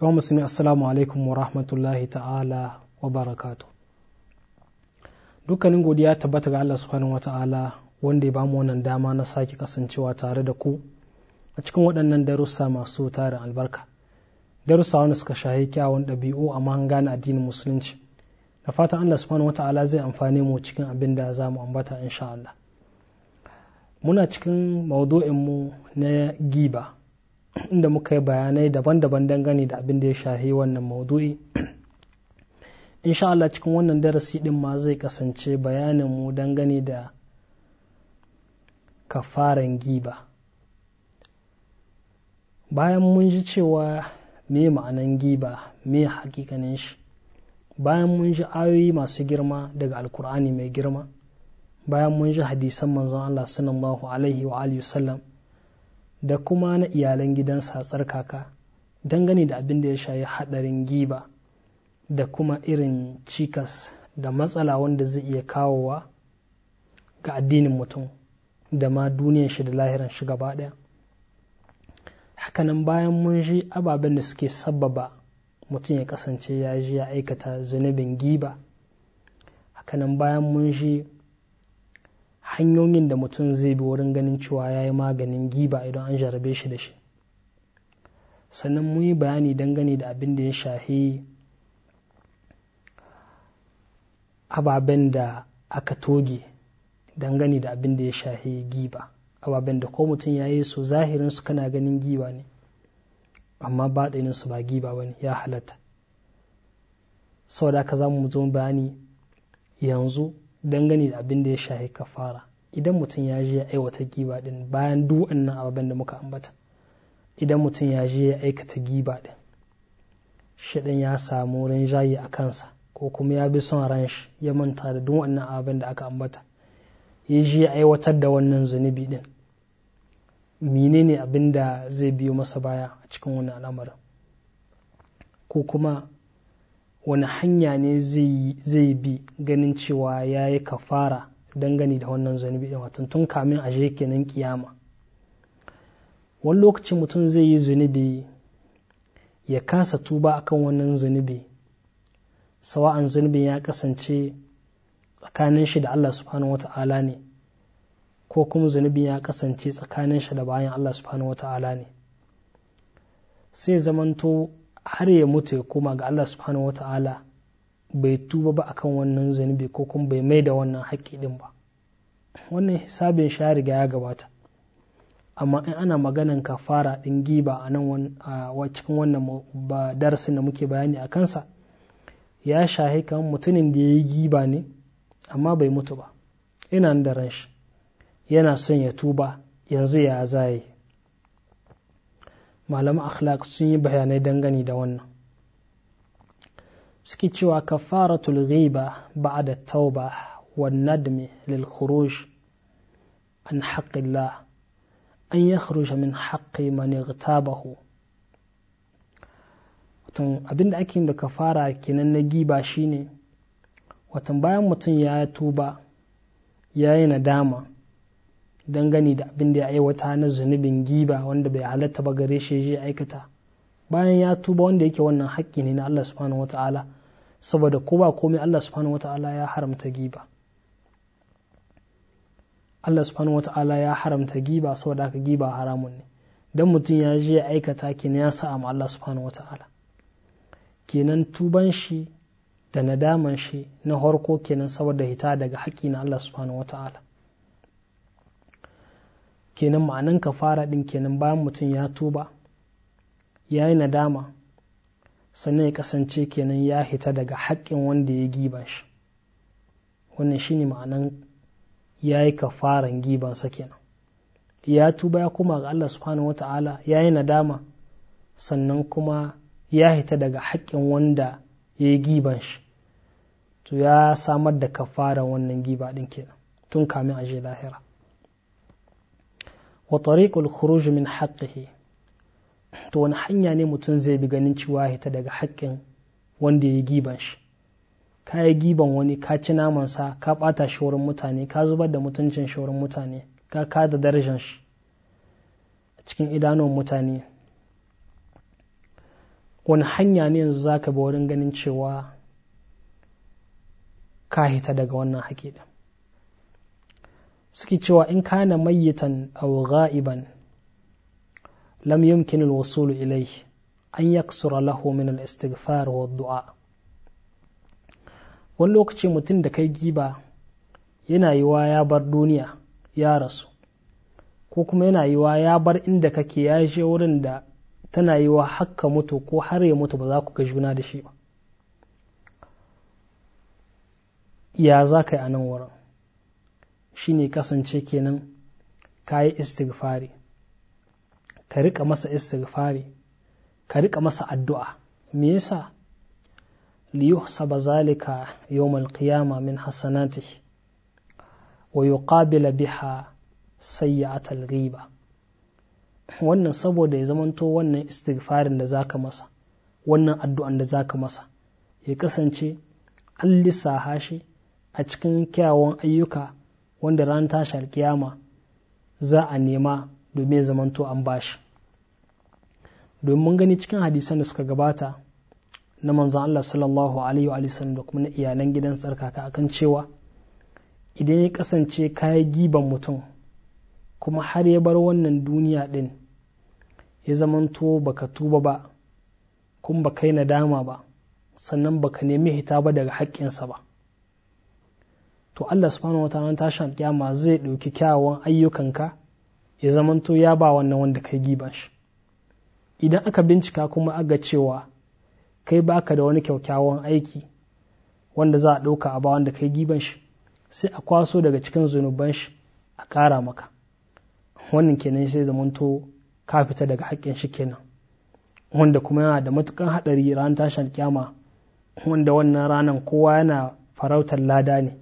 yawan musulmi assalamu alaikum wa rahmatullahi ta'ala wa barakatu dukkanin godiya tabbata ga Allah subhanahu wa ta'ala wanda ya ba mu wannan dama na sake kasancewa tare da ku a cikin waɗannan darussa masu tarin albarka darussa wanda suka shahi kyawun ɗabi'u a mahangana addinin musulunci da fatan Allah subhanahu wa ta'ala zai amfani mu cikin abin da za mu ambata insha Allah muna cikin maudu'in mu na giba inda muka yi bayanai daban-daban dangane da abin da ya shahi wannan maudu'i insha Allah cikin wannan darasi din ma zai kasance bayanin mu dangane da kafaran giba bayan mun ji cewa me ma'anan giba me hakikanin shi bayan mun ji ayoyi masu girma daga alkur'ani mai girma bayan mun ji hadisan manzon Allah sallallahu alaihi wa alihi wasallam da kuma na iyalan gidan gidansa tsarkaka dangane da abin da ya shayi hadarin giba da kuma irin cikas da matsala wanda zai iya kawowa ga addinin mutum da ma duniyan shi da lahiran shi gaba daya. hakanan bayan mun ji ababen da suke sababa mutum ya kasance ya ji ya aikata zunubin giba hakanan bayan mun ji hanyoyin da mutum zai bi wurin ganin cewa ya yi maganin giba idan an jarabe shi da shi sannan mun yi bayani dangane da abin da ya shahi ababen da aka toge dangane da abin da ya shahi giba ababen da ko mutum ya yi su zahirin su kana ganin giba ne amma ba su ba giba ba ne ya halatta sau da za mu zo bayani yanzu dangane da abin da ya ka kafara idan mutum ya je ya aiwata giba din bayan duk wannan ababen da muka ambata idan mutum ya je ya aikata giba din shaɗin ya samu wurin jayi a kansa ko kuma ya bi son ran shi ya manta da duk wannan ababen da aka ambata ya je ya aiwatar da wannan zunubi din menene abin da zai biyo masa baya a cikin wannan al'amarin ko kuma wani hanya ne zai bi ganin cewa ya yi kafara dangane da wannan zunubi da watan tun kamin a kenan kiyama wani lokacin mutum zai yi zunubi ya kasa tuba akan wannan zunubi sawa'an zunubin ya kasance tsakanin shi da Allah subhanahu wata'ala ne ko kuma zunubin ya kasance tsakanin shi da bayan Allah subhanahu wata'ala ne sai zamanto har ya mutu ya koma ga Allah subhanahu wata'ala bai tuba ba akan wannan zunubi ko kuma bai mai da wannan haƙƙi din ba wannan hisabin sha riga ya gabata amma in ana maganan kafara ɗin giba a nan cikin wannan darasin da muke bayani a kansa ya shahi kan mutumin da ya yi giba ne amma bai mutu ba ina da ran shi yana son ya tuba yanzu ya zaye malaman akhlaq sun yi bayanai dangane da wannan suke cewa kafaratul ghiba ba'da tauba wa nadmi lil khuruj an haqqillah an khuruja min haqqi man igtabahu watan abinda ake yin da kafara kenan na giba shine watan bayan mutum ya tuba ya yi nadama dangane da abin da ya aiwata na zunubin giba wanda bai halatta ba gare shi ya aikata bayan ya tuba wanda yake wannan haƙƙi ne na Allah subhanahu wata'ala saboda ko ba komai Allah subhanahu wata'ala ya haramta giba Allah subhanahu wata'ala ya haramta giba saboda haka giba haramun ne dan mutum ya je ya aikata kin ya sa amma Allah subhanahu wata'ala kenan tuban shi da nadaman shi na harko kenan saboda hita daga haƙƙi na Allah subhanahu wata'ala kenan ma'anan kafara din kenan bayan mutum ya tuba ya yi nadama sannan ya kasance kenan ya hita daga haƙƙin wanda ya giba shi wannan shine ma'anan ya yi kafaran gibansa kenan ya tuba ya koma ga Allah subhanahu wata'ala ya yi nadama sannan kuma ya hita daga haƙƙin wanda ya yi giban shi to ya samar da kafaran wannan giba din kenan tun kamin aje lahira wa tariqul khuruj min haqqihi to wani hanya ne mutum zai bi ganin cewa hita daga haƙƙin wanda ya giban shi ka yi giban wani ka ci naman sa ka ɓata shi wurin mutane ka zubar da mutuncin shi wurin mutane ka kada darajar shi a cikin idanun mutane wani hanya ne yanzu zaka bi wurin ganin cewa ka hita daga wannan haƙiƙa suke cewa in kana mayyitan aw gha'iban lam yumkin al-wusul an yaksura lahu min al-istighfar wa du'a wani lokaci mutum da kai giba yana yiwa ya bar duniya ya rasu ko kuma yana wa ya bar inda kake ya je wurin da tana yiwa hakka mutu ko har ya mutu ba za ku ga juna da shi ba ya za ka yi a nan wurin shine kasance kenan ka yi istighfari ka rika masa istighfari ka rika masa addu'a me yasa liyuhsaba zalika yawmal qiyama min hassanati wa yuqabila biha a ghiba wannan saboda ya zamanto wannan istighfarin da zaka masa wannan addu'an da zaka masa ya kasance an lissa hashi a cikin kyawun ayyuka wanda ran tashi alkiyama za a nema domin zamanto an bashi domin mun gani cikin hadisan da suka gabata na manzan Allah sallallahu alaihi wa sallam da kuma na iyalan gidan tsarkaka akan cewa idan ya kasance kayi giban mutum kuma har ya bar wannan duniya din ya zamanto baka tuba ba kuma baka yi nadama ba sannan baka nemi hita ba daga haƙƙinsa ba to Allah subhanahu wataala tashin kyama zai ɗauki kyawawan ayyukanka ya zamanto ya ba wannan wanda kai giba shi idan aka bincika kuma aga cewa kai baka da wani kyakkyawan aiki wanda za a ɗauka a ba wanda kai giban shi sai a kwaso daga cikin zunuban shi a ƙara maka wannan kenan sai zamanto ka fita daga haƙƙin shi kenan wanda kuma yana da matukan haɗari ran tashin kyama wanda wannan ranan kowa yana farautar lada ne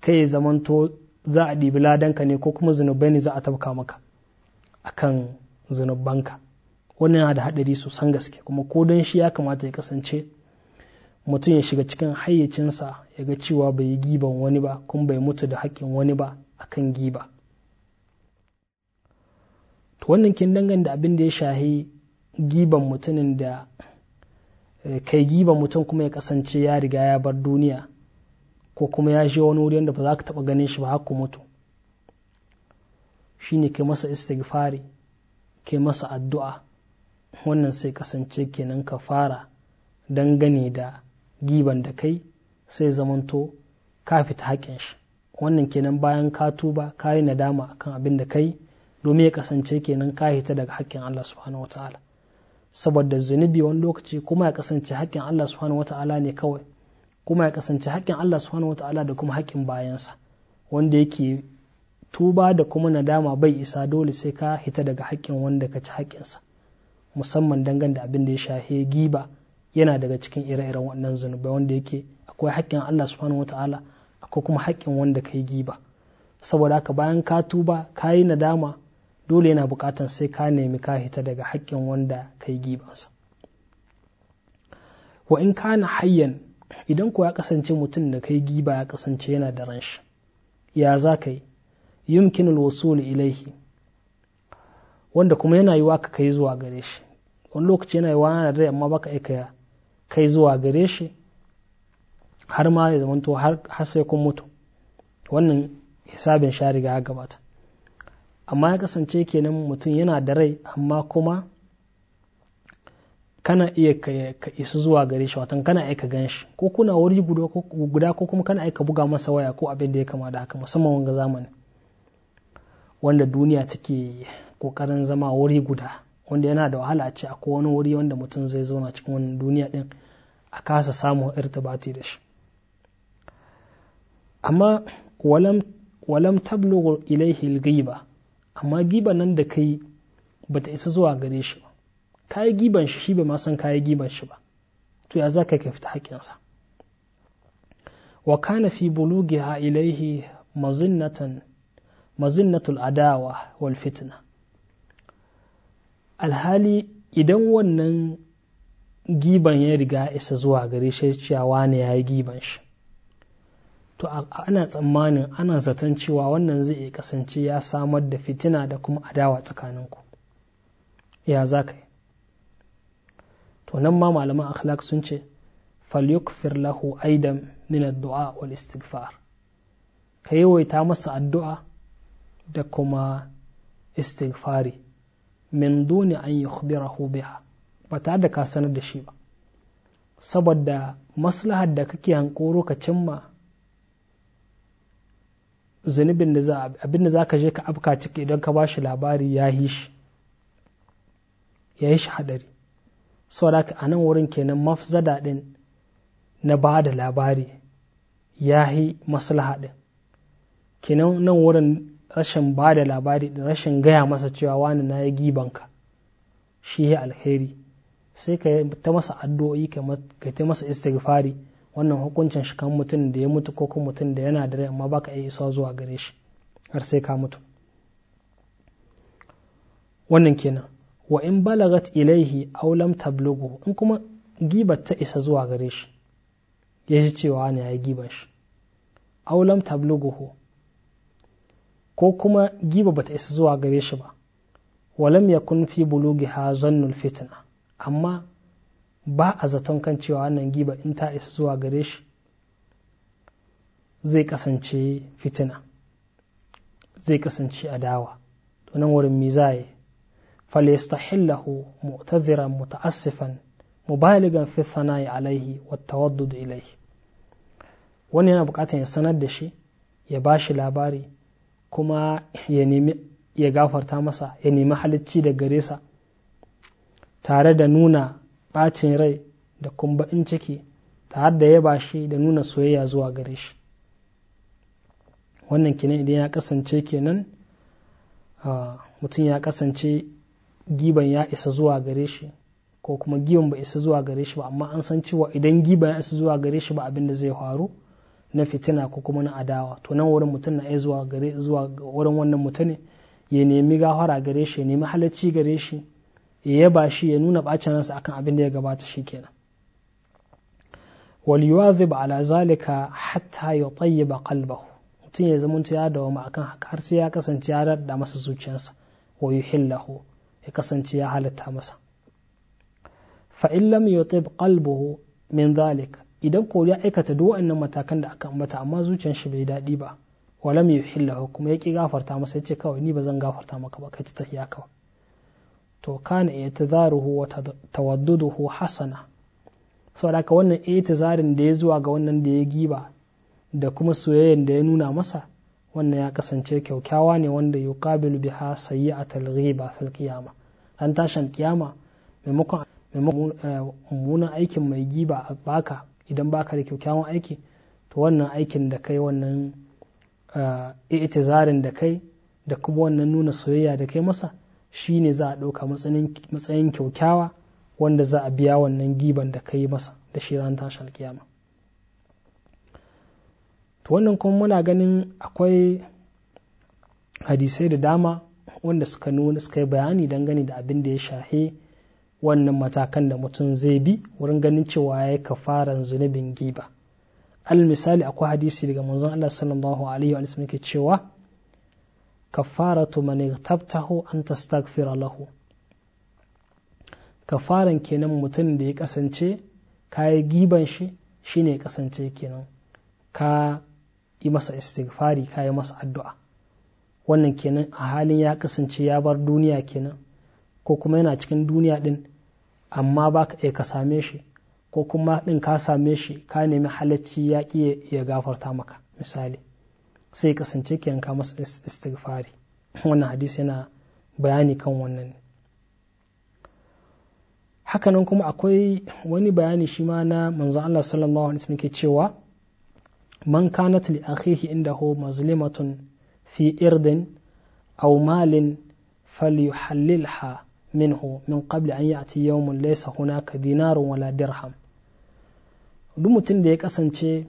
kai ya zamanto za a ɗibi ladanka ne ko kuma zunubai ne za a tabka maka akan zunubanka wannan yana da haɗari sosan gaske kuma ko don shi ya kamata ya kasance mutum ya shiga cikin hayyacinsa ya ga cewa bai yi giban wani ba kuma bai mutu da haƙƙin wani ba akan giba to wannan kin dangan da abin da ya shahi giban mutumin da eh, kai giban mutum kuma ya kasance ya riga ya bar duniya ko kuma ya je wani wuri wanda ba za ka taɓa ganin shi ba haka mutu shi ne kai masa istighfari kai masa addu'a wannan sai kasance kenan ka fara dangane da giban da kai sai zamanto ka fita haƙin shi wannan kenan bayan ka tuba ka yi nadama kan abin da kai domin ya kasance kenan ka hita daga haƙƙin Allah subhanahu wataala saboda zunubi wani lokaci kuma ya kasance haƙƙin Allah subhanahu wataala ne kawai kuma ya kasance haƙƙin Allah subhanahu wata'ala da kuma haƙƙin bayansa wanda yake tuba da kuma nadama bai isa dole sai ka hita daga haƙƙin wanda ka ci haƙƙinsa musamman dangane da abin da ya shahe giba yana daga cikin ire-iren wannan zunubai wanda yake akwai haƙƙin Allah subhanahu wata'ala akwai kuma haƙƙin wanda ka yi giba saboda haka bayan ka tuba ka yi nadama dole yana buƙatar sai ka nemi ka hita daga haƙƙin wanda ka yi gibansa wa in kana hayyan idan kuwa ya kasance mutum da kai giba ya kasance yana da ranshi ya za ka yi yumkin alwasul ilaihi wanda kuma yana yiwa ka kai zuwa gare shi wani lokaci yana yiwa yana da rai amma baka aika kai zuwa gare shi har ma ya zamanto har sai kun mutu wannan hisabin sha riga ya gabata amma ya kasance kenan mutum yana da rai amma kuma kana iya ka isa zuwa gare shi watan kana aika gan shi ko kuna wuri guda ko kuma kana aika buga masa waya ko abin da ya kama da haka musamman wanga zamani wanda duniya take kokarin zama wuri guda wanda yana da wahala a ce akwai wani wuri wanda mutum zai zauna cikin wannan duniya din a kasa samun irtibati da shi amma walam walam tablughu ilaihi al amma giba nan da kai bata isa zuwa gare shi ka yi giban shi shi ba ma san ka yi giban shi ba to ya zaka ka fita haƙƙinsa wa kana fi bulugi ha ilaihi mazinnatan mazinnatul adawa wal fitna alhali idan wannan giban ya riga isa zuwa gare shi cewa ne ya yi giban shi to ana tsammanin ana zaton cewa wannan zai iya kasance ya samar da fitina da kuma adawa tsakaninku ya za to nan ma malaman akhlaq sun ce falyukfir lahu aidan min ad-du'a wal istighfar ka yawaita masa addu'a da kuma istighfari min duni an yukhbirahu biha ba ta da ka sanar da shi ba saboda maslahar da kake hankoro ka cimma zunubin da za abin da zaka je ka afka ciki idan ka bashi labari ya yi shi ya yi hadari saboda a nan wurin kenan mafzada ɗin na ba da labari ya yi maslaha ɗin kenan nan wurin rashin ba da labari ɗin rashin gaya masa cewa wani na ya gibanka shi ya alheri sai ka ta masa addu'o'i ka ta masa istighfari wannan hukuncin shi kan mutum da ya mutu ko kuma mutum da yana da rai amma baka iya isa zuwa gare shi har sai ka mutu wannan kenan wa in balagat ilaihi aw lam tablughu in kuma gibar ta isa zuwa gare shi ya ji cewa ne ya giba shi aw lam tablughu ko kuma giba bata isa zuwa gare shi ba walam yakun fi bulughiha zannul fitna amma ba a zaton kan cewa wannan giba in ta isa zuwa gare shi zai kasance fitina zai kasance adawa to nan wurin me فليستحله مؤتذرا متأسفا مبالغا في الثناء عليه والتودد إليه wani yana bukatar ya sanar da shi ya ba shi labari kuma ya nemi ya gafarta masa ya nemi halicci da gare sa tare da nuna ɓacin rai da kumbain ciki tare da ya shi da nuna soyayya zuwa gare shi wannan kenan idan ya kasance kenan mutum ya kasance giban ya isa zuwa gare shi ko kuma giban ba isa zuwa gare shi ba amma an san cewa idan giban ya isa zuwa gare shi ba abin da zai faru na fitina ko kuma na adawa to nan wurin mutum na iya zuwa gare zuwa wurin wannan mutum ya nemi gafara gare shi ya nemi halacci gare shi ya yaba shi ya nuna bacin ransa akan abin da ya gabata shi kenan wal yuwazib ala zalika hatta yutayyiba qalbahu mutum ya zamanta ya ma akan haka har sai ya kasance ya da masa zuciyarsa wa yuhillahu ya kasance ya halatta masa faillam lam yutib min zalik idan ko ya aikata duk waɗannan matakan da aka ambata amma zuciyar shi bai daɗi ba walam hila kuma ya ƙi gafarta masa ya ce kawai ni ba zan gafarta maka ba kai ta tafiya kawai to kana ta wa tawadduduhu hasana sau da aka wannan iya ta zarin da ya zuwa ga wannan da ya giba da kuma soyayyen da ya nuna masa wannan ya kasance kyaukyawa ne wanda yuqabilu biha sayyi'atal ghiba fil qiyama dan tashan kiyama maimakon eh, mummunan aikin mai giba a baka idan baka da kyaukyawan aiki to wannan aikin da kai wannan eh, i'tizarin da kai da kuma wannan nuna soyayya da kai masa shine za a ɗauka matsayin kyaukyawa wanda za a biya wannan giban da kai masa da shi ran tashan kiyama to wannan kuma muna ganin akwai hadisai da dama wanda suka nuna suka yi bayani gani da abin da ya shahe wannan matakan da mutum zai bi wurin ganin cewa ya yi kafaran zunubin giba al misali akwai hadisi daga manzon Allah sallallahu alaihi wa sallam ke cewa kafaratu man tabtahu an tastaghfira lahu kafaran kenan mutum da ya kasance ka yi giban shi shine ya kasance kenan ka yi masa istighfari ka yi masa addu'a wannan kenan a halin ya kasance ya bar duniya kenan ko kuma yana cikin duniya din amma ba ka ka same shi ko kuma din ka same shi ka nemi halacci ya ki ya gafarta maka misali sai kasance kenan ka masa istighfari wannan hadisi yana bayani kan wannan hakanan kuma akwai wani bayani shi ma na manzo Allah sallallahu alaihi wasallam ke cewa man kanat li akhihi inda ho fi irdin aumalin malin falyuhallilha minhu min qabli an ya'ti yawmun laysa hunaka dinarun wala dirham duk mutum da ya kasance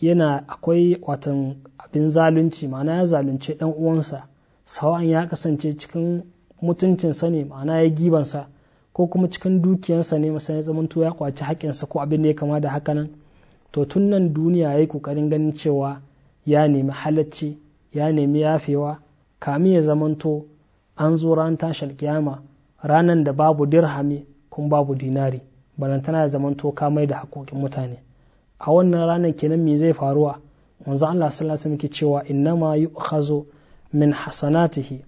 yana akwai watan abin zalunci ma'ana ya zalunce dan uwansa sawan ya kasance cikin mutuncinsa ne ma'ana ya gibansa ko kuma cikin dukiyansa ne masana zamanto ya kwaci haƙƙinsa ko abin da ya kama da haka nan. to tun nan duniya ya yi ƙoƙarin ganin cewa ya nemi halacci ya nemi yafewa kamin ya zamanto an zo ran tashar kiyama ranan da babu dirhami kuma babu dinari balantana ya zamanto kamai da haƙoƙin mutane a wannan ranar kenan me zai faruwa manzo Allah sallallahu alaihi cewa innama yu'khazu min hasanatihi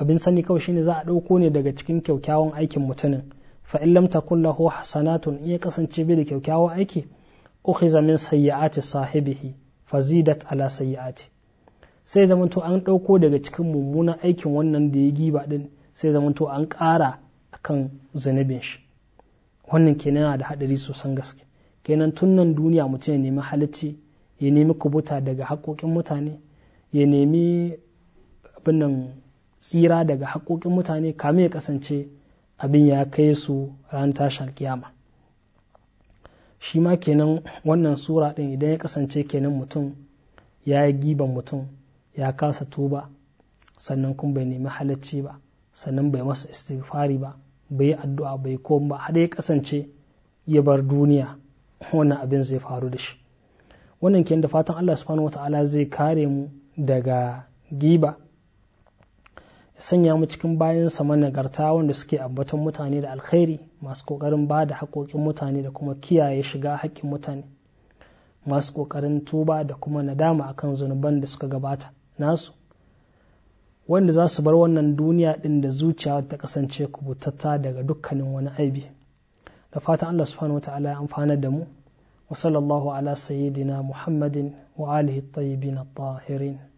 abin sani kawai shine za a ɗauko ne daga cikin kyaukyawan aikin mutumin fa in lam takun lahu hasanatun iya kasance bai da kyaukyawan aiki ukhiza min sayyi'ati sahibihi fazidat ala sayyi'ati sai to an ɗauko daga cikin mummunan aikin wannan da ya giba din sai to an kara akan zanubin shi wannan kenan yana da haɗari sosan gaske kenan tun nan duniya mutum ya nemi halacci ya nemi kubuta daga haƙoƙin mutane ya nemi abin tsira daga haƙoƙin mutane kame ya kasance abin ya kai su ran tashin alkiyama shi ma kenan wannan sura ɗin idan ya kasance kenan mutum ya yi giban mutum ya kasa tuba sannan kuma bai nemi halacci ba sannan bai masa istighfari ba bai yi addu'a bai koma ba har ya kasance ya bar duniya wannan abin zai faru da shi wannan kenan da fatan Allah subhanahu ta'ala zai kare mu daga giba ya sanya mu cikin bayan bayansa managarta wanda suke ambaton mutane da alkhairi masu kokarin ba da haƙoƙin mutane da kuma kiyaye shiga haƙƙin mutane masu kokarin tuba da kuma nadama akan zunuban da suka gabata nasu wanda za su bar wannan duniya ɗin da zuciya ta kasance kubutatta daga dukkanin wani aibi da fatan Allah subhanahu wataala ya amfana da mu wa sallallahu ala sayyidina muhammadin wa alihi tayyibin